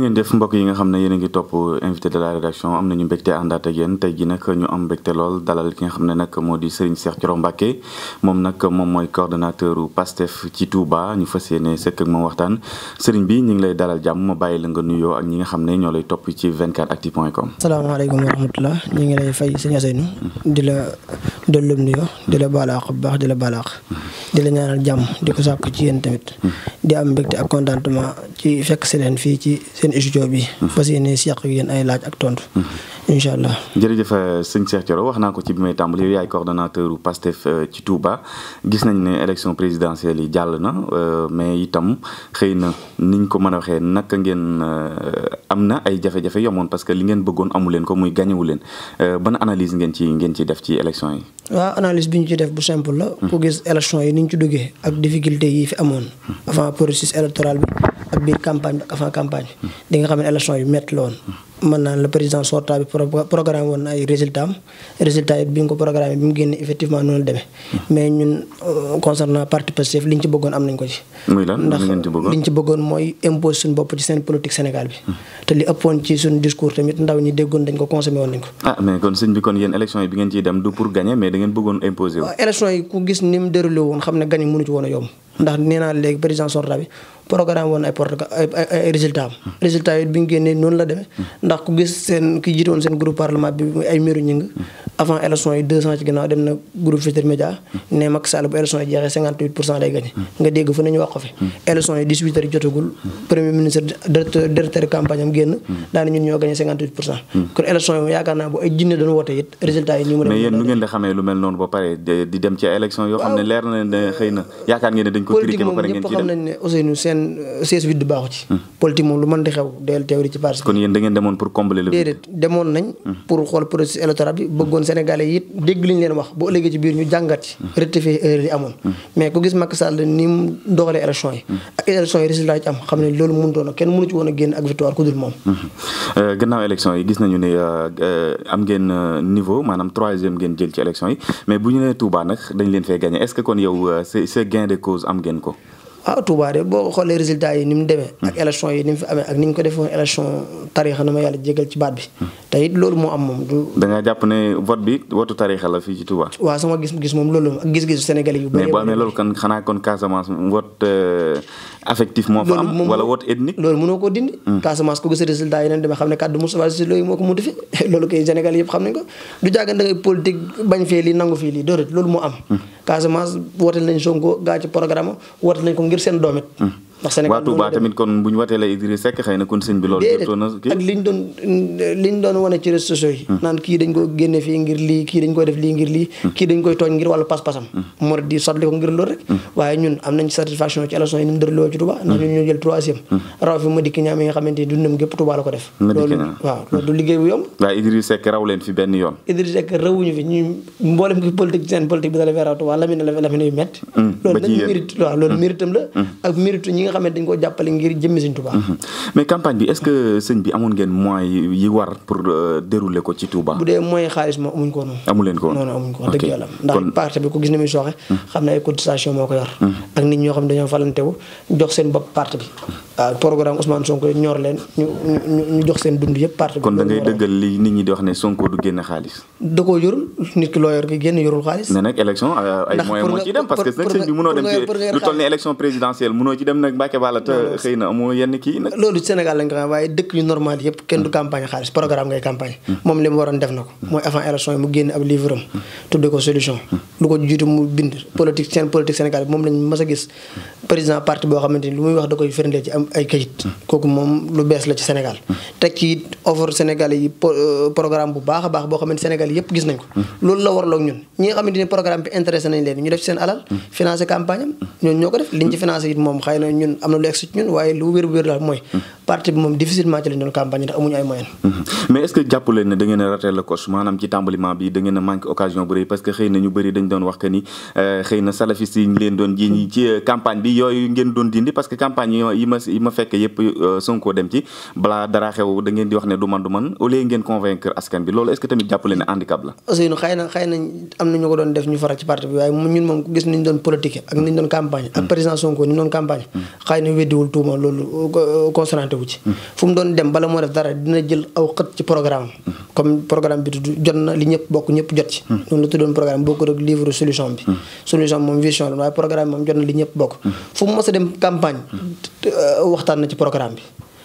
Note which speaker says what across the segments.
Speaker 1: ngeen def mbokk nga xam ne yéen a ngi topp invité de la rédaction am nañu mbégte àndaat ak yéen tey ji nag ñu am mbégte lool dalal ki nga xam ne nag moo di Serigne Cheikh Thioro Mbacké moom nag moom mooy coordonnateur PASTEF ci Touba ñu fas yéene sekk ak moom waxtaan Serigne bi ñu ngi lay dalal jàmm ma bàyyi la nga nuyoo ak ñi nga xam ne ñoo lay topp ci 24actu.com.
Speaker 2: salaamaaleykum wa ñu ngi lay fay Serigne Seynou di la dollu nuyoo di la baalaax bu baax di la baalaax di la ñaanal jàmm di ko sàkk ci yéen tamit mm-hmm. di am mbégte seen studio bi. Mhm. fas yéene si yàq yéen ay laaj ak tontu. Mhm. incha allah
Speaker 1: jërëjëf euh, sëñ Cheikh Thioro wax naa ko ci bi may tàmbali yow yaay coordonnateur Pastef euh, ci Touba gis nañ ne élection présidentielle yi jàll na euh, mais itam xëy na niñ ko mën a waxee naka ngeen am na ay jafe-jafe yomoon parce que li ngeen bëggoon amu leen ko muy gañewu leen ban analyse ngeen ci ngeen ci def ci élection yi.
Speaker 2: waaw analyse bi ñu ci def bu simple la. Mhm. ku gis élection yi ni ñu duggee ak ak biir campagne bi ak avant campagne bi. di nga xam ne élection yu métti la woon. mën naa la président sortant bi programme woon ay résultats am résultats yi bi nga ko programme bi mu génne effectivement noonu la demee. mais ñun euh, concernant parti Pastef liñ ci bëggoon am nañ ko ci.
Speaker 1: muy lan ndax liñ ci
Speaker 2: bëggoon mooy impose suñu bopp ci seen politique Sénégal bi. te li ëppoon ci suñu discours tamit ndaw ñi déggoon dañ ko consommé nañ ko.
Speaker 1: ah mais kon sëñ
Speaker 2: bi programme woon ay porte ay résultat am hmm. résultat yi bi génnee noonu la demee hmm. ndax ku gis seen ki jiitoon seen groupe parlement bi ay miru ñi avant élection yi deux cent ci ginnaaw dem na groupe Futurs Médias hmm. ne Macky Sall bu élection yi jeexee cinquante huit pour cent day gagné nga dégg fu ne ñu wax fi élection yi dix huit yi yaakaar naa bu ay jinne doon woote it résultat ngeen
Speaker 1: di xamee lu mel noonu ba pare di dem ci élection yoo xam ne leer na
Speaker 2: ne neen euh, seize huit baaxu ci. Hmm. politique moom lu mën di xew del teewri ci parti. kon yéen da demoon pour combler le demoon nañ. Hmm. pour xool processus électoral bi bëggoon Sénégalais yi it dégg li leen wax bu ëllëgee ci biir ñu jàngat ci. Hmm. rectifier erreur yi amoon. mais ku gis Macky Sall ni mu doxalee élection yi. ak élection yi résultat am xam ne loolu mënutoon a kenn mënu ci woon génn ak victoire ku moom.
Speaker 1: Euh, gannaaw élection yi gis nañu ne euh, am ngeen niveau
Speaker 2: ah Touba de boo xoolee résultat yi ni mu demee. ak élection yi ni mu fi amee ak ni ñu ko defee woon élection tariixa na ma baat bi. te it loolu moo am moom du.
Speaker 1: da bi votu tariixa la fii ci Touba.
Speaker 2: waaw sama gis-gis moom loolu ak gis-gisu Sénégalais yu bëri. mais boo amee
Speaker 1: loolu kan xanaa kon Casamance vote euh, affectif moo fa am. wala vote
Speaker 2: ethnique. loolu mënoo koo dindi. Hmm. Casamance ko gis résultat yi nañ demee xam ne kàddu Moustapha Cissé Lo moo ko mutu fi loolu kay Sénégal yëpp xam nañ ko du jàggan da ngay bañ fee lii nangu fii lii déedéet loolu moo am hmm. Casamance woote nañ Sonko gaa ci programme woote nañ ko ngir seen doomit hmm. ndax Sénégal waa Touba
Speaker 1: tamit kon bu ñu watee la Idriss Seck xëy na kon sëñ bi loolu jotoo na ak
Speaker 2: li ñu doon li ñu doon wane ci réseaux sociaux yi hmm. naan kii dañ ko génne fii ngir lii kii dañ koy def lii ngir lii hmm. kii dañ koy tooñ ngir wàllu pas-pasam hmm. moo di sotli ko ngir loolu rek waaye ñun am nañ satisfaction ci élection yi ni mu dërloo ci Touba ndax ñun ñoo jël troisième raw fi Madické Niang mi nga xamante ni dundam gépp Touba la ko def loolu waaw loolu du liggéey bu yomb
Speaker 1: waaye Idriss Seck raw leen fi benn yoon
Speaker 2: Idriss Seck rawuñu fi ñu mboolem ki politique seen politique bi da la fee raw Touba lamine la lamine yu metti
Speaker 1: loolu nañ mérite waaw loolu méritam
Speaker 2: la ak méritu ñi nga dañ ko jàppale ngir jëmmi Sëñ Touba.
Speaker 1: Mhm. mais campagne bi est-ce que sëñ bi amoon ngeen moyens yi war pour euh, dérouler ko ci Touba. bu dee
Speaker 2: moyen xaalis moom amuñ ko woon.
Speaker 1: amu leen ko woon non amuñ ko wax dëgg yàlla. ndax parti
Speaker 2: bi ko gis ne muy sooxe. Mhm. xam ne ay cotisation moo ko yor. Mhm. ak nit ñoo xam ne dañoo falantewu jox seen bopp parti bi Ah, programme Ousmane Sonko yi ñor leen ñu ñu jox seen dund yëpp parti kon da ngay
Speaker 1: dëggal li nit ñi di wax ne Sonko du génn xaalis.
Speaker 2: da koo nit ki loo yor ki
Speaker 1: élection présidentielle mënoo ci dem nag Mbacke Balla xëy na amoo yenn kii
Speaker 2: loolu Sénégal lañ ko xam waaye dëkk yu normal yëpp kenn du hmm. campagne xaalis programme ngay campagne. Hmm. moom li waroon def na ko. Hmm. mooy avant élection yi mu génn ab livre am. tuddee ko solution. lu ko jiitu mu bind a am ay kayit. kooku moom lu bees la ci Sénégal. teg ci it offre Sénégal yi euh, programme bu baax baax boo xamante Sénégal yëpp gis nañ ko. loolu la warloo ñun ñi nga xamante ni programme bi intéressé nañ leen ñu def ci seen alal. financé campagne am ñoo ko def liñ ci financé it moom xëy na ñun am na lu egg ci ñun waaye lu wér wér daal mooy. parti bi moom difficilement ci lañ doon campagne ndax amuñu ay moyen mais
Speaker 1: est-ce que jàpp leen na ñu euh, na yi ma fekk yëpp euh, Sonko dem ci balaa dara xew da ngeen di wax ne du man du man au lieu ngeen convaincre askan bi loolu est-ce que tamit jàppale ne handicap la
Speaker 2: Ousseynou xëy na xëy na am na ñu ko doon def ñu faral ci parti bi waaye ñun moom gis niñ doon doon campagne ak mm. président Sonko doon campagne mm. xëy na weddiwul tuuma loolu euh, euh, concentré ci mm. fu mu doon dem bala moo def dara dina jël aw xët ci programme comme programme bi tudd jot na li ñëpp bokk ñëpp waxtaan na ci programme bi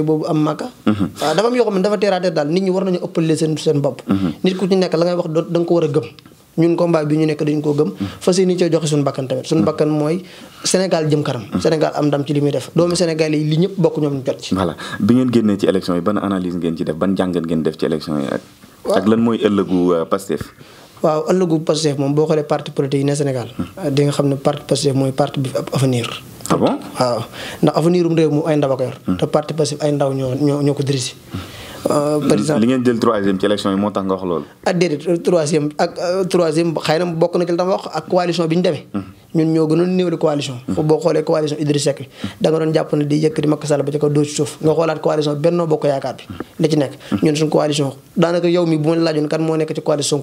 Speaker 2: yooyu boobu am màkka mhm. dafa am yoo xam dafa teer a daal nit ñi war nañu ëppale seen seen bopp mhm. nit ku ci nekk la ngay wax da ko war a gëm ñun combat bi ñu nekk dañu koo gëm mhm. fas yéene cee joxe suñu bakkan tamit suñu bakkan mooy Sénégal jëm kanam Sénégal am ndam ci li muy def doomu Sénégal yi li ñëpp bokk ñoom jot
Speaker 1: ci voilà bi ngeen génnee ci élection yi ban analyse ngeen ci def ban jàngat ngeen def ci élection yi ak ak mooy ëllëgu euh, Pastef ah bon waaw
Speaker 2: ndax avenir um réew mu ay ndaw a ko yor. Hmm. te parti passif ay ndaw ñoo ñoo ñoo ko dirisi. Euh, par exemple
Speaker 1: li ngeen jël troisième ci élection yi moo tax nga wax loolu.
Speaker 2: Ah, euh, ak euh, troisième xëy ak coalition bi ñu demee. Hmm. ñun ñoo gënoon néewli coalition. Hmm. foofu boo xoolee coalition Idriss Seck bi. doon jàpp ne di yëkkati Macky Sall ba ci doo suuf nga xoolaat coalition Benno Bokk Yaakaar bi. la ci nekk ñun suñu coalition daanaka yow mi bu ma la kan moo nekk ci coalition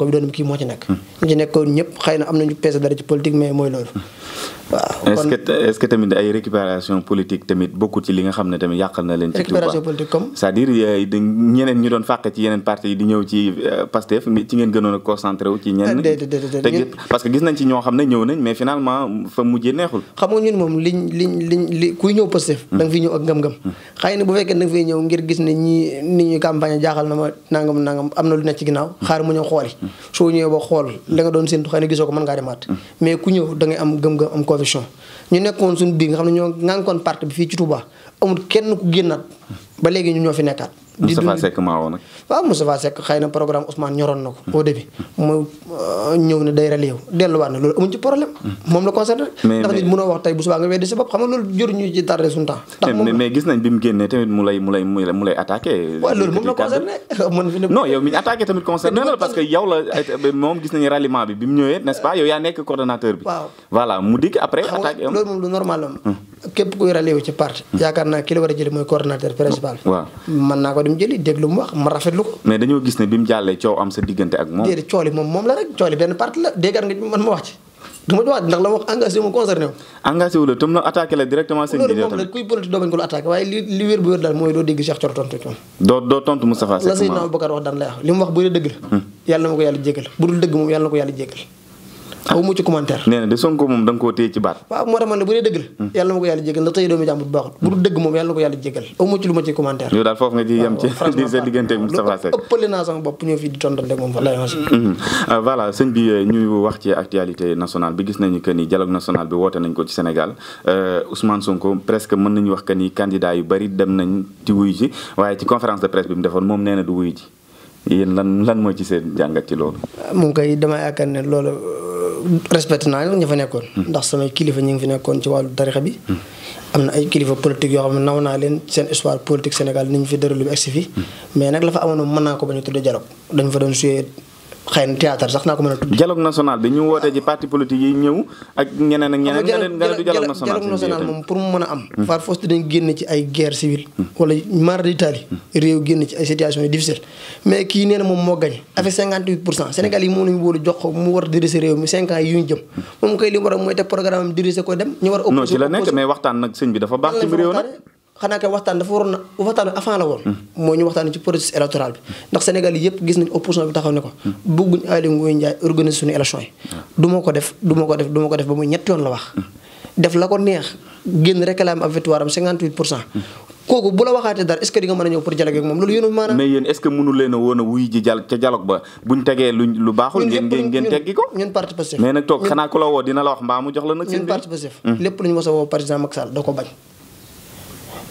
Speaker 1: waaw est-ce que est-ce que tamit ay récupération politique tamit bokku ci li nga xam ne tamit yàqal na leen. ci Touba récupération politique comme. c'est-à-dire euh, ñeneen ñu doon fàq ci yeneen parti yi di ñëw ci euh, Pastef ci ngeen gënoon a concentré wu ci ñenn. Ah,
Speaker 2: déedéet
Speaker 1: parce que gis nañ ci ñoo xam ne ñëw nañ mais finalement fa mujjee neexul.
Speaker 2: xam nga ñun moom liñ liñ liñ li kuy ñëw Pastef. Hmm. da nga fiy ñëw ak ngëm-ngëm. Hmm. xëy na bu fekkee da nga fiy ñëw ngir gis ne ñii nit ñi campagne jaaxal na ma nangam nangam am na lu nekk ci ginnaaw hmm. xaar mu ñëw xooli soo ñëwee ba xool la nga doon séntu xëy na gisoo ko mën ngaa demaat mais ku ñëw da ngay am gëm-gëm am ko conviction ñu nekkoon suñu biir nga xam ne ñoo ngànkoon parti bi fii ci Touba amul kenn ku génnaat ba léegi ñu ñoo fi nekkaat. di dund Moustapha Seck maa woo nag. waaw Moustapha Seck xëy na programme Ousmane ñoroon na ko. au début mu euh, ñëw ne day relier delluwaat na loolu amuñ ci problème. moom la concerné. mais ndax wax tey
Speaker 1: gis nañ bi mu génnee tamit mu la parce que yow la moom gis nañu ralliement bi bi mu ñëwee n'est-ce pas yow yaa nekk coordonnateur bi. waaw voilà mu dikk après loolu
Speaker 2: moom lu normal képp kuy ralliwu ci parti hmm. yaakaar naa ki la war a jëli mooy coordonnateur principal hmm. waaw naa ko dem jëli dégg lu mu wax ma rafetlu ko
Speaker 1: mais dañoo gis ne bi mu jàllee coow am sa diggante ak moom déedéet
Speaker 2: cooli la rek cooli benn parti la déggaat nga man ma wax ci du ma wax ndax doo bañ ko lu attaqué waaye li doo tontu ci moom
Speaker 1: doo doo tontu Moustapha Seck la Seydina
Speaker 2: daan lay wax li mu wax bu dee dëgg la hmm. yàlla na ma ko yàlla jéggal bu dul dëgg moom yàlla na ko yàlla jéggal aw mu ci
Speaker 1: commentaire. nee na de Sonko moom da nga koo téye ci baat.
Speaker 2: waaw moo tax man de bu dee dëgg la. Hmm. yàlla na ma ko yàlla jégal ndax tey na ko yàlla jégal ma ci lu ma ci commentaire. yow daal
Speaker 1: foofu nga ciy yem ci diggante ak Moustapha Seck.
Speaker 2: ëppale naa sama bopp ñëw fii di tontal rek moom fa lay hmm.
Speaker 1: hmm. ah, voilà sëñ bi eh, ñuy wax ci actualité nationale bi gis nañu que ni dialogue national bi woote nañ ko ci Sénégal eh, Ousmane Sonko presque mën nañu wax que ni candidat yu bari dem nañ ci wuyu ji waaye mu defoon moom nee na du yéen lan lan mooy ci seen jàngat ci loolu.
Speaker 2: moom kay dama yaakaar ne loolu euh, respecté naa ñu nekkoon. Hmm. ndax samay kilifa ñu ngi fi nekkoon ci wàllu tarixa bi. Hmm. am na ay kilifa politique yoo xam ne naw naa leen seen histoire politique Sénégal ni ñu fi déroulé bi egsi fi hmm. mais nag la fa amoon mën naa ko bañ a tuddee dialogue dañ fa doon suyee xëy na théâtre sax naa ko mën a tudd.
Speaker 1: dialogue national bi ñu woote ji parti politique yi ñëw ak ñeneen ak ñeneen. nga leen nga moom
Speaker 2: pour mu mën a am. par hmm. force dañ ci ay guerre civile. Hmm. wala mar d'Italie hmm. réew génn ci ay situation yu difficile. mais kii nee na moom moo gañe avec 58 pour cent Sénégal yi moom la ñu wóolu jox ko mu war a diriger réew mi 5 ans yu ñu jëm. moom kay li war a mooy programme am diriger ko dem. ñu war a opposé non ci la nekk mais
Speaker 1: waxtaan nag sëñ bi dafa baax
Speaker 2: xanaa kay waxtaan dafa waroon na waxtaan avant la woon. Hmm. mooy ñu waxtaan ci processus électoral bi. ndax Sénégal yi yëpp gis nañ opposition bi taxaw ne ko. Hmm. bëgguñ Aly Ngouille Ndiaye organiser élection yi. Hmm. du ko def du ko def du ma ko def ba muy ñetti yoon la wax. def la ko neex a ñëw
Speaker 1: leen a woon a wuy ji jal ba buñ tegee lu baaxul. ngeen ngeen teggi ko
Speaker 2: ñun parti Pastef mais nag toog xanaa ku
Speaker 1: la woo dina la wax mbaa mu jox la nag. seen biir
Speaker 2: lépp lu ñu a woo président Macky Sall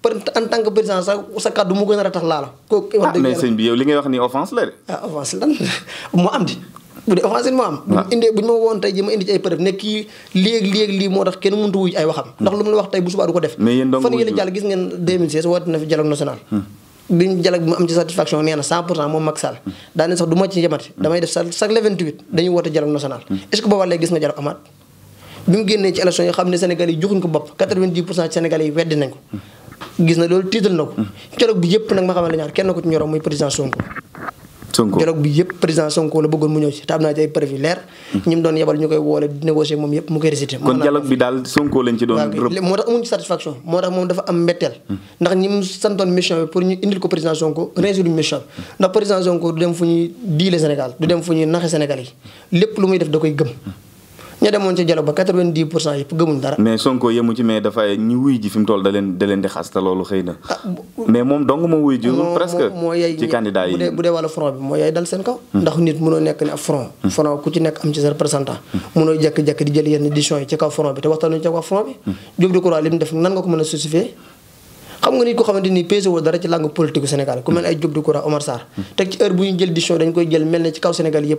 Speaker 2: par en tant que président sax sa kàddu mu gën a ratax laa kooku ah, ah, am ah. na fi yi xam ko bopp 90 pour cent yi weddi nañ ko hmm. gis na loolu tiital na ko. dialogue mm. bi yëpp nag ma xamal la ñaar kenn ko ci ñorom muy président Sonko. Sonko bi yëpp président Sonko la bëggoon mu ñëw ci te am naa mm. ñu koy woole di négocier moom yëpp mu koy récité. kon dialogue
Speaker 1: bi daal Sonko lañ ci doon. rëb moo
Speaker 2: tax amuñ ci satisfaction moo tax moom dafa am mbetteel. Mm. ndax ñi santoon mission bi pour ñu indil ko président Sonko réussir mission ndax président Sonko du dem fu ñuy diile Sénégal du dem fu ñuy naxe Sénégal yi lépp lu muy def da koy gëm. ña demoon ci dialogue ba quatre-vingt-dix pour cent yëpp gëmuñ dara.
Speaker 1: mais Sonko yemu ci mais dafay ñi wuy ji fi mu toll da leen di xas loolu xëy na. Ah, mais moom dong wuy ji. presque ci candidat yi bu dee
Speaker 2: wàllu front bi moo yay dal seen kaw. Hmm. ndax nit mënoo nekk ni ab front. Hmm. front ku ci nekk am ci sa représentant. Hmm. mënoo jékki-jékki di jël yenn décisions yi ci kaw front bi te waxtaanuñu ci kaw front bi. Diop Decroix li mu def nan nga xam nga nit ko xamante ni pesé woo dara ci langue politique Sénégal ku mel ay Diop Decroix Omar dañ koy jël mel ne ci kaw Sénégal yi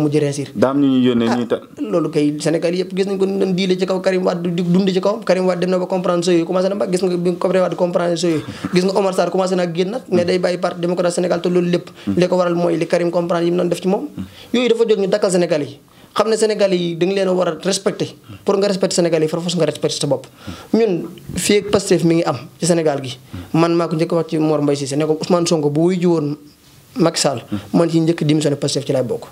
Speaker 2: ñu
Speaker 1: def ah,
Speaker 2: loolu kay Sénégal na te loolu lépp li waral mooy li Karim comprendre yi mu doon def ci moom yooyu dafa jóg ñu dakkal Sénégal yi xam ne Sénégal yi da nga leen war a respecté pour nga respecté Sénégal yi far fos nga respecté sa bopp ñun fii ak Pastef mi ngi am ci Sénégal gi man maa ko njëkk wax ci Mor Mbaye Cissé ne ko Ousmane Sonko bu wuy ji woon Macky Sall man ci njëkk démissionné Pastef ci laay bokk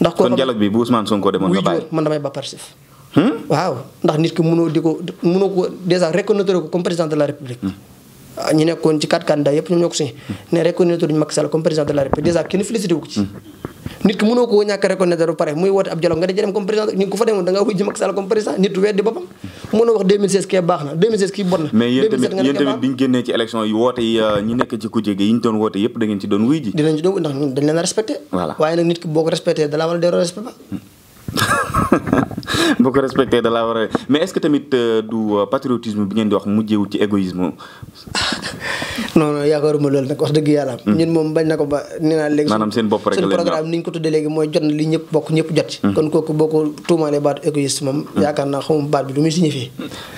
Speaker 1: ndax kon dialogue bi bu Ousmane Sonko demoon nga bàyyi
Speaker 2: man damay ba Pastef hmm? waaw ndax nit ki mënoo di ko mënoo ko dèjà reconnaître ko comme président de la République ñi nekkoon ci quatre candidats yëpp ñoom ñoo ko signé ne reconnaître ñu Macky Sall comme président de la République dèjà kenn félicité ko ci nit ki mënoo ko ñàkk reconnaître ba pare muy woote ab dialogue ko fa demoon da comme président nit bon na mais yéen tamit
Speaker 1: bi ñu génnee ci élection woote yi euh, ñi nekk ci kujje gi yi ñu doon woote yëpp da ci doon wuy ji
Speaker 2: dinañ ci doon ndax dañ leen waaye nag nit ki boo ko respecté da laa dee respect ba
Speaker 1: boo ko respecté da war a mais est-ce que tamit euh, du euh, patriotisme bi ngeen di wax mujjewu ci égoïsme.
Speaker 2: non non yaakaaruma loolu nag wax dëgg yàlla. Hmm. ñun moom hmm. hmm. baat bi lu muy signifié.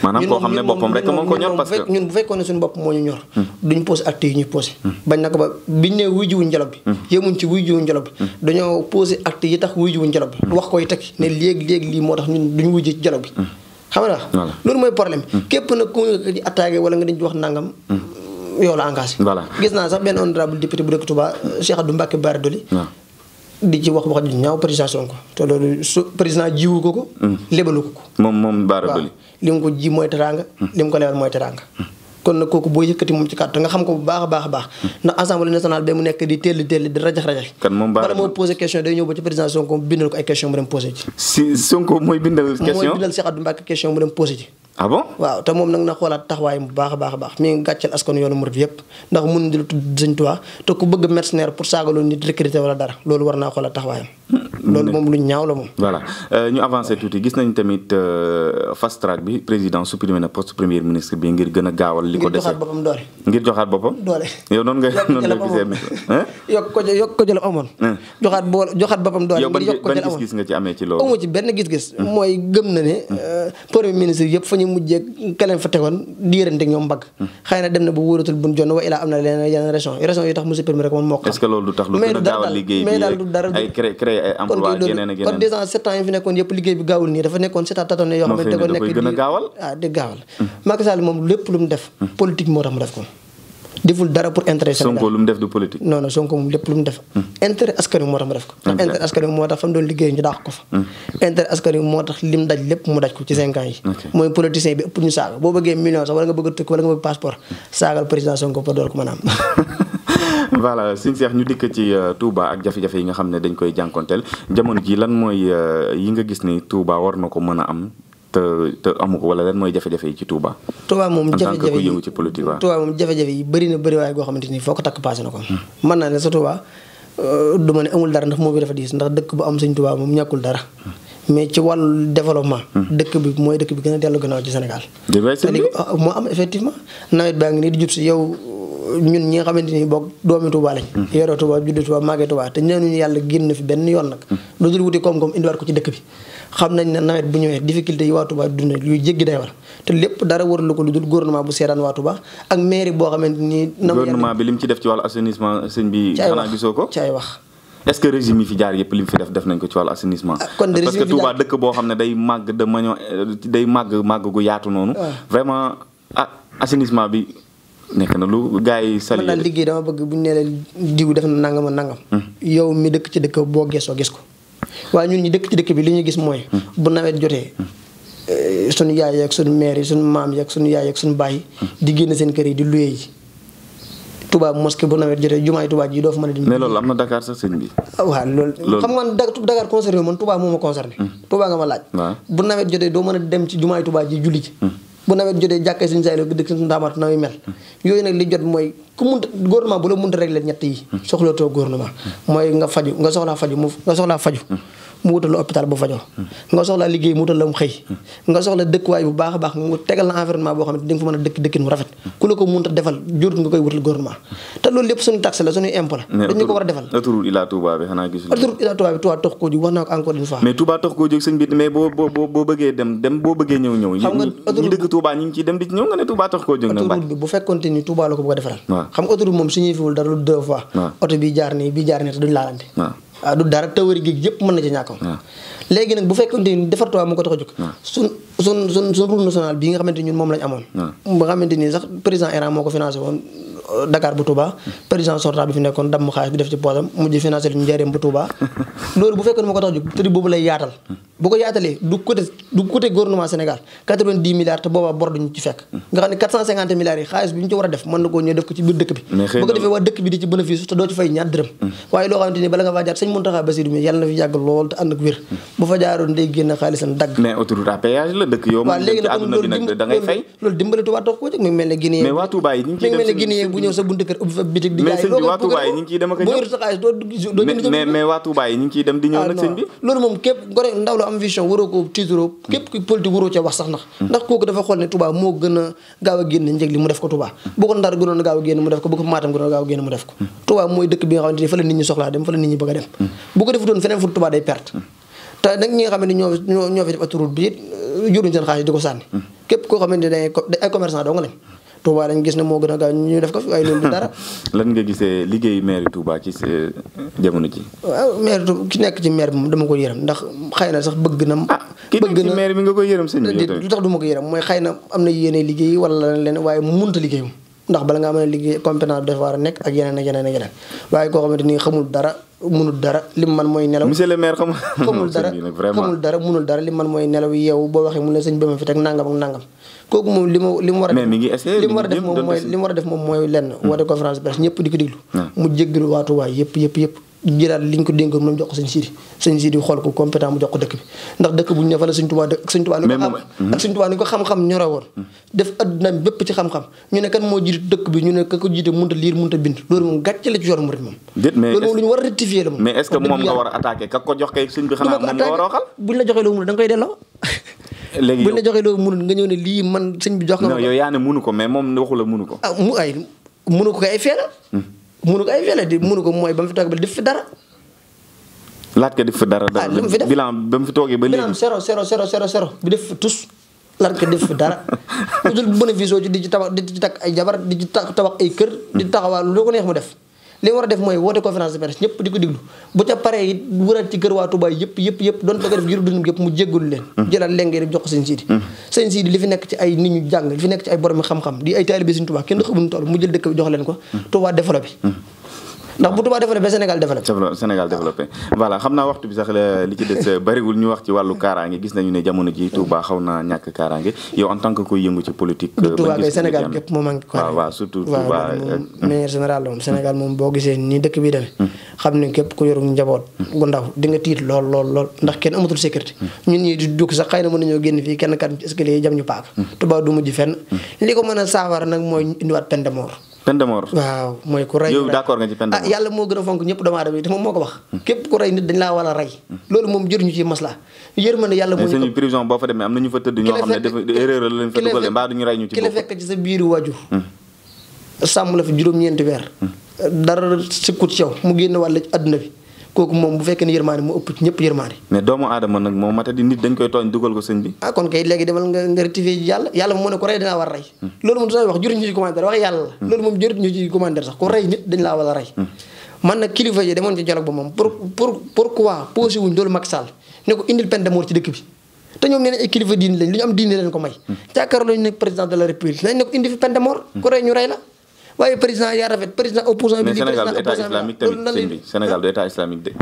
Speaker 2: maanaam koo xam ne boppam rek moo ko ñor parce que ñun bu fekkoon suñu bopp moo ñu ñor. duñ posé acte yi ñuy posé. bañ na ko ba biñ ne wuy jiwu bi. yemuñ ci wuy jiwu njëlob bi. dañoo posé acte yi tax wuy jiwu njëlob bi. wax koy teg ne léegi léegi lii moo tax tax ñun duñ wujj ci dialogue bi. Mm. xam nga loolu mooy problème mm. képp nag ku nga di attaqué wala nga dañ wax nangam. Mm. yow la engagé. gis naa sax benn honorable député bu dëkk Touba Cheikh Abdou Mbacke Bara Dolly di ci wax wax ju ñaaw président ko te loolu su président jiwu ko ko. lebalu ko ko.
Speaker 1: moom moom Bara Dolly
Speaker 2: li ko ji mooy teraanga. li mu ko lebal mooy teraanga. kon nag kooku boo yëkkati moom ci kàddu nga xam ko bu baax a baax a baax mm. ndax assemblée nationale ba mu nekk di teel teel di rajax rajax kan moom bala moo posé question day ñëw ba ci président Sonko bindal ko ay question mu dem posé ci
Speaker 1: Sonko mooy bindal
Speaker 2: question mu dem posé ci ah waaw te moom nag na xoolaat taxawaayam bu baax a baax baax mi ngi gàcceel askan yoonu murid yëpp ndax mun di la tudd Sëñ Tuubaa te ku bëgg mercenaire pour saagaloon nit recruter wala dara loolu war naa xoolaat taxawaayam. Mm-hmm. loolu moom lu ñaaw la moom.
Speaker 1: voilà euh, ñu avancé tuuti gis nañ tamit euh, fast track bi président supprimé na poste premier ministre bi ngir gën gaawal. li ko dese ngir joxaat boppam doole. ngir joxaat boppam
Speaker 2: doole. yow yokk ko jëlam amoon. joxaat boo joxaat boppam doole. yow ban gis-gis nga ci amee dañuy mujjee keleen fa tegoon di yërante mbagg hmm. xëy na dem na ba wóoratul buñ jonn wa ilaa am na leneen yeneen raison raison yu tax mu rek moom moo
Speaker 1: xam est-ce que du tax lu gën a gaawal liggéey bi mais daal du dara ay créer créer ay emploi yeneen
Speaker 2: fi nekkoon yëpp liggéey bi gaawul nii dafa nekkoon sept ans yoo xam ko nekk ah di gaawal hmm. Macky Sall moom lépp lu def hmm. politique moo tax mu def ko deful dara pour intérêt Sénégal Sonko
Speaker 1: lu mu def du politique.
Speaker 2: non non Sonko moom lépp lu mu def. Hmm. intérêt askan moo tax mu def ko. ndax intérêt askan wi moo tax fa mu hmm. tax lim daj lépp mu daj ko ci cinq yi. mooy politicien bi ëpp ñu saaga boo bëggee million sax wala nga bëgg a tukki wala nga bëgg passeport saagal président Sonko pour door ko mën a am.
Speaker 1: voilà suñu seex ñu dikk ci euh, Touba ak jafe-jafe yi nga xam ne dañ koy jànkonteel jamono ji lan mooy euh, yi nga gis ni Touba war na ko mën a am te te amu ko wala lan mooy jafe-jafe yi ci Touba.
Speaker 2: Touba moom jafe-jafe yi ci politique waaw. Touba foo ko takk passé na ko. mën naa ne sa Touba euh, du ne amul dara ndax moom bi dafa diis ndax dëkk bu am sëñ Touba moom ñàkkul dara. mais ci wàllu développement. Hmm. dëkk bi mooy dëkk bi gën a a gannaaw ci Sénégal.
Speaker 1: Euh,
Speaker 2: moo am effectivement nawet baa ngi nii di jub si yow. ñun ñi nga xamante ni bokk doomi Touba lañ mhm. yoroo Touba juddu Touba màggee Touba te ñaanuñu yàlla génn fi benn yoon nag mhm. lu dul wuti koom-koom indiwaat ko ci dëkk bi xam nañ ne nawet bu ñëwee difficulté yi waa Touba dund yu jéggi day war te lépp dara warlu ko lu dul gouvernement bu seetaan waa Touba ak mairie boo xamante ni na gouvernement
Speaker 1: bi li fi def def nañ ko ci wàllu assainissement ah, kon parce que Touba dëkk boo xam ne day màgg de manion day màgg màgg gu yaatu noonu ah. vraiment ah assainissement bi nekk na lu gaa yi sali man daal liggéey
Speaker 2: dama bëgg bu ñu nee la diw def na nangam ak nangam. Hmm. yow mi dëkk ci dëkk boo geesoo gis ko waaye ñun ñi dëkk ci dëkk bi li ñu gis mooy. Hmm. bu nawet jotee. Hmm. Eh, suñu yaay ak suñu maire yi suñu maam yi ak suñu yaay ak suñu baay di génn seen kër yi di luye yi. Touba mosquée bu nawet jotee jumaay Touba ji doo fa mën a. di mais loolu
Speaker 1: am na Dakar sax sëñ bi.
Speaker 2: Ah, waaw loolu xam nga Dakar concerné man Touba moo ma concerné. Touba nga ma laaj. bu nawet doo mën a dem ci jumaay ji julli ji bu nawet jotee jàkkee suñu saay gi dëkk suñu ndaamaatu na muy mel yooyu nag li jot mooy ku munta gouvernement bu la munta régler ñett yi hmm. soxlatoo gouvernement hmm. mooy nga faju nga soxlaa faju mu nga soxlaa faju hmm. mu wutal la hôpital bu fajoo nga soxlaa liggéey mu wutal la mu xëy nga soxla dëkkuwaay bu baax a baax mu tegal la environnement boo xam ne di nga fa mën a dëkk dëkkin mu rafet ku la ko mënta defal jurut nga koy wutal gouvernement te loolu lépp suñu taxe la suñuy impôt la dañu ko war a defal
Speaker 1: autoroute Ila Touba bi xanaa gis autoroute
Speaker 2: Ila Touba bi Touba tox koo jóg wax naa ko encore une fois mais
Speaker 1: Touba tox koo jóg sëñ bi mais boo boo boo bëggee dem dem boo bëggee ñëw ñëw xam nga ñi dëkk Touba ñi ngi ciy dem di ci ñëw nga ne Touba tox koo jóg autoroute
Speaker 2: bi bu fekkonte ni Touba la ko bëgg a defaral xam nga autoroute moom su ñuy fiwul dara lu deux fois oto bi jaar nii bi jaar nii te duñ laalante Ah, du dara tawari gi yëpp mën na ci ñàkk ah. léegi nag bu fekkonte ni defar Tuubaa mu ko tax a jóg ah. sun sun sun sun route nationale bii nga xamante ñun moom lañ amoon ba xamante nii sax président Iran moo ko financé woon euh, Dakar bu Touba président sortant bi fi nekkoon damm xaalis bi def ci poosam mujj financé lu ñu njëriñ bu Touba loolu bu fekkoon moo ko tax a jóg tëri boobu lay yaatal bu ko yaatalee du côté du côté gouvernement Sénégal milliards te boobaa bor duñu ci fekk nga xam ne milliards yi xaalis bi ñu ci war a def mën na koo ñëw def ko ci biir dëkk bi mais hmm. hmm.
Speaker 1: autoroute à péage ci boo yor dem di ñëw ah, nag sëñ bi
Speaker 2: loolu moom képp gore ndaw la am vision waroo ko tiituroo képp ku politique waroo ca wax sax ndax ndax kooku dafa xool ne Touba moo gën a gaaw a génn njëg li mu def ko Touba bu ko Ndar gënoon a gaaw gaaw a génn mu def ko Touba mooy dëkk bi nga xamante ni ñoo ñoo fi def autoroute bi it juruñ seen xaalis di ko sànni képp koo xamante ne ay commerçant doo nga lañ Touba dañ gis ne moo gën a gaaw ñu def ko fi waaye loolu dara.
Speaker 1: lan nga gisee liggéeyu maire tubaa ci sa euh, jamono ji.
Speaker 2: waaw maire ki nekk ci maire bi moom dama ko yërëm ndax xëy na sax bëgg na. Ah, bëgg na maire bi nga koy yërëm sëñ bi lu tax du ma yërëm mooy xëy na am na yéene liggéey wala leen waaye munta liggéeyam ndax bala nga mën a liggéey compétence bi dafa war a nekk ak yeneen ak yeneen ak yeneen waaye koo xamante ni xamul dara munul dara lim man mooy nelaw monsieur
Speaker 1: le maire xamul dara xamul
Speaker 2: dara munul man mooy nelaw yow boo waxee mu ne sëñ bi ma te teg nangam ak nangam kooku moom li mu li mu war a li mu def moom mooy lenn hmm. woote conférence presse ñëpp di ko diglu hmm. mu jéggalu waatuwaay yëpp yëpp yëpp jëlaat li ñu ko dénkoon moom jox ko sëñ Sidi sëñ Sidi xool ko compétent mu jox ko dëkk bi ndax dëkk bu ñu ne fa la sëñ Tuubaa dëkk sëñ Tuubaa ni ko xam ak sëñ Tuubaa ni ko xam-xam ñore woon hmm. def adduna bépp ci xam-xam ñu ne kan moo jiite dëkk bi ñu ne ka ko jiite mënta liir mënta bind loolu moom gàcce la ci yor murit moom
Speaker 1: loolu moom lu ñu war
Speaker 2: a rectifier la moom mais est-ce que moom nga war a
Speaker 1: attaquer ka ko jox kay sëñ bi xanaa moom nga war a waxal
Speaker 2: buñ la joxee loo mënul da nga koy delloo
Speaker 1: léegi buñ la
Speaker 2: joxee loo mënul nga ñëw ne lii man sëñ bi jox nga yow
Speaker 1: yaa ne mënu ko mais moom waxu la mënu ko ah
Speaker 2: mu ay mënu ko kay feena munu ko ay fele di munu ko mooy ba mu fi toog ba def fi dara.
Speaker 1: laat ka def fi dara. ah li mu fi def bilan ba mu fi toogee ba léegi. bilan
Speaker 2: sero sero sero sero zéro bi def fi tus. laat ka def fi dara. lu dul bénéfice ci di ci tabax di ci takk ay jabar di ci tabax ay kër. di taxawaa lu ko neex mu def. li war a def mooy woote conférence de presse ñëpp di ko diglu bu ca paree it wëraat ci kër waa Touba yëpp yëpp yëpp doon bëgg a def juru dundam yëpp mu jéggul leen hmm. jëlaat lenge dem jox ko sëñ Sidi hmm. sëñ li fi nekk ci ay nit ñu jàng li fi nekk ci ay borom xam-xam di ay taalibe sëñ Touba kenn xamul toll mu jël dëkk bi jox leen ko hmm. Touba développé
Speaker 1: ndax bu Touba développé Sénégal développé. Sénégal développé voilà xam naa waxtu bi sax li ci des euh, bariwul ñu wax ci wàllu kaaraange gis nañu ne jamono ji Touba xaw naa ñàkk kaaraange yow en tant que koy yëngu ci politique. du euh, Touba Sénégal képp moo manqué kaaraange waaw waaw surtout Touba
Speaker 2: manière euh, moom boo gisee nii dëkk bi demee hmm. xam ne képp ku yorum njaboot gu ndaw di nga tiit lool lool lool ndax kenn amatul sécurité hmm. ñun ñi di dugg sax xëy na mën nañoo génn fii kenn kat escalier yi jam ñu paak hmm. Touba du mujj fenn li ko mën a saafara nag mooy indiwaat peine de peine de mort waaw mooy ku rey yow d'accord nga ci peine de ah yàlla moo gën a fonk ñëpp doomu aadama yi te moom moo ko wax hmm. képp ku rey nit dañ laa war a rey hmm. loolu moom jëruñu ci masla yërmande yàlla moo ñu
Speaker 1: boo fa demee am na ñu fa tëdd ñoo xam ne dafa erreur la leen fa dugal mbaa duñu rey ñu ci ki la
Speaker 2: fekk ci sa biiru waajur hmm. sàmm la fi juróom-ñeenti weer dara sikkut ci yow mu génn wàll àdduna bi kooku moom bu fekkee ne yërmaande moo ëpp ci ñëpp yërmaande
Speaker 1: mais doomu aadama nag moom mata di nit dañ koy tooñ dugal ko sëñ bi
Speaker 2: ah kon kay léegi demal nga nga rectifier yàlla yàlla hmm. moom hmm. moom dañuy wax jurut sax ko rey nit dañ laa war a rey hmm. man nag kilifa yi demoon ci dialogue ba moom pour pour pourquoi posé wuñ loolu Macky ne ko indil peine ci dëkk bi te ñoom nee ay kilifa diine lañ am diine leen ko may jàkkaarloo nañ ne président de la république waaye président yaa rafet président opposant bi. président
Speaker 1: Sénégal du état islamique de.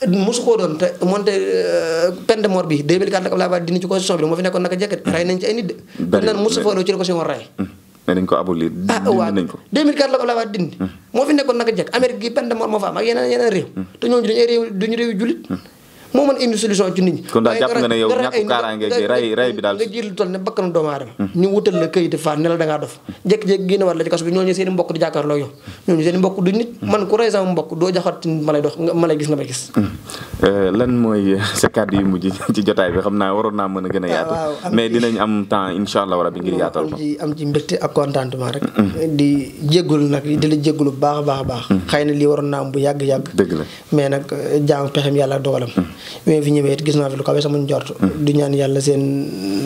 Speaker 2: Ah, mosu koo doon te moonte euh, peine de mort bi 2004 ak Abdoulaye Wade dina ci constitution bi ci na ko si war ray. moo fi nekkoon naka jekk Amérique gi peine de mort moo fa am ak yeneen yeneen réew. Hmm. te ñooñu dañuy réew duñu réew jullit. Hmm. moo man indi solution ci nit ñi. kon daal jàpp nga ne yow ñàkk kaaraange gi ray ray bi daal nga jiir lu toll ne bakkanu doomu aadama hmm. ñu wutal la këyit faat ne la dof jékki-jékki génn war la ci bi ñooñu seen mbokk di jàkkaarloo yow ñooñu seen mbokk du nit hmm. man ku ray mbokk doo jaxat ma lay dox ma gis nga may gis
Speaker 1: hmm. Euh, lan mooy sa kàddu yu mujj ci jotaay bi xam naa waroon naa mën a gën a yaatu. Ah, mais dinañ am temps incha allah rabi ngir yaatal ko.
Speaker 2: am ci mbégte ak contentement rek. Mm-hmm. di jégalu nag di la jégalu bu baax a baax a baax. Mm-hmm. xëy na lii waroon naa am bu yàgg yàgg. dëgg la mais nag euh, jaam pexem yàlla dogalam. Mm-hmm. mais fi ñëwee gis naa fi lu kawe sama njort. du ñaan yàlla seen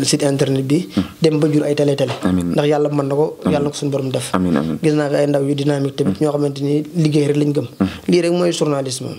Speaker 2: site internet bi. dem ba jur ay télé télé. ndax yàlla mën na ko yàlla na ko suñu borom def. amiin gis naa fi ay ndaw yu dynamique tamit ñoo xamante ni liggéey rek lañ gëm. lii rek mooy journalisme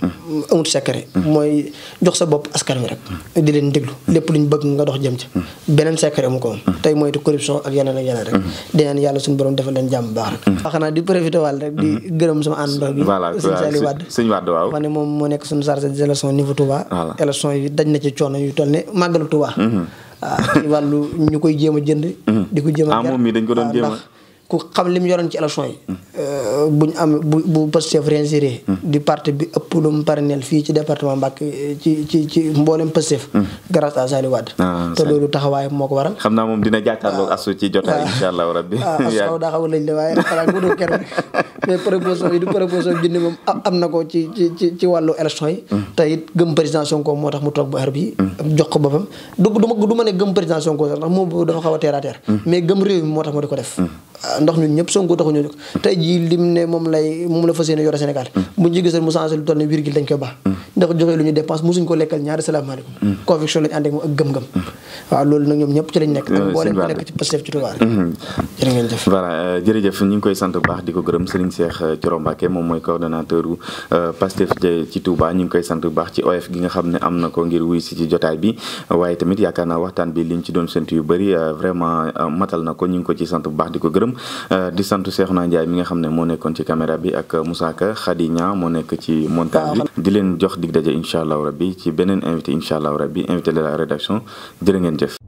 Speaker 2: amul secret mooy jox sa bopp askan wi rek. di leen déglu lépp luñ bëgg nga dox jëm ci. beneen secret mu ko woon. tey moytu corruption ak yeneen ak yeneen rek. dinaan yàlla suñu borom defal leen jàmm baax rek. xanaa di profité waal di mhm. gërëm sama àndandoo bi. voilà sëñ
Speaker 1: Saliou waaw. ma
Speaker 2: moom moo nekk suñu chargé des élections niveau Touba. élection yi daj na ci coono yu toll ne màggalu Touba. Mhm. Ah, wàllu ñu koy jéem a jënd. Mhm. di ko jéem a ah, moom mi dañ ko doon jéem a ah, ku xam li mu yoroon ci élection yi. Euh, bu ñu am bu bu Pastef réinséré. Hmm. di parti bi ëpp lu mu parrainel fii ci département Mbacké ci ci ci mboolem Pastef. Hmm. grâce à Saliou Wade. Ah, te loolu taxawaay moo ko waral.
Speaker 1: xam naa moom dina jàkkaarloog ah. asu ci jotaay ah. incha allah rabbi. waaw asaw
Speaker 2: daa xaw lañ la waaye xanaa bu dul kenn mais proposition yi am na ko ci ci wàllu élection hmm. te it gëm président Sonko moo tax mu toog ba heure bii. jox ko boppam du du ma ne gëm président Sonko sax ndax moom dafa xaw a terre à mais gëm réew mi moo tax ma di ko def. Ah, ndax ñun ñëpp Sonko taxu ñu jóg tey jii lim ne moom lay moom la fas yéene yore Sénégal mm. buñ ci gisoon mu changé lu toll ne virgule dañ koy baax mm. ndax joxee lu ñu dépense mosuñ ko lekkal ñaari salaamaaleykum mm. conviction lañu ànd ak moom ak gëm-gëm waaw loolu nag ñoom ñëpp ci lañ nekk ak mboolem ku nekk ci Pastef ci Touba
Speaker 1: mhm. jërëjëf ñu ngi koy sant bu baax di ko gërëm Serigne Cheikh euh, Thioro Mbacké moom mooy coordonnateur u euh, Pastef ci Touba ñu ngi koy sant bu baax ci of gi nga xam ne am na ko ngir wuy si ci jotaay bi waaye tamit yaakaar naa waxtaan bi liñ ci doon sant yu bëri euh, vraiment matal na ko ñu ngi ko ci sant bu baax di ko gërëm di sant Cheikhouna Ndiaye mi nga xam ne moo nekkoon ci caméra bi ak Moussa Ka Khady Niang moo nekk ci montage bi di leen jox dig daje incha allahu rabbi ci beneen invité incha allahu rabbi invité de la rédaction jërë ngeen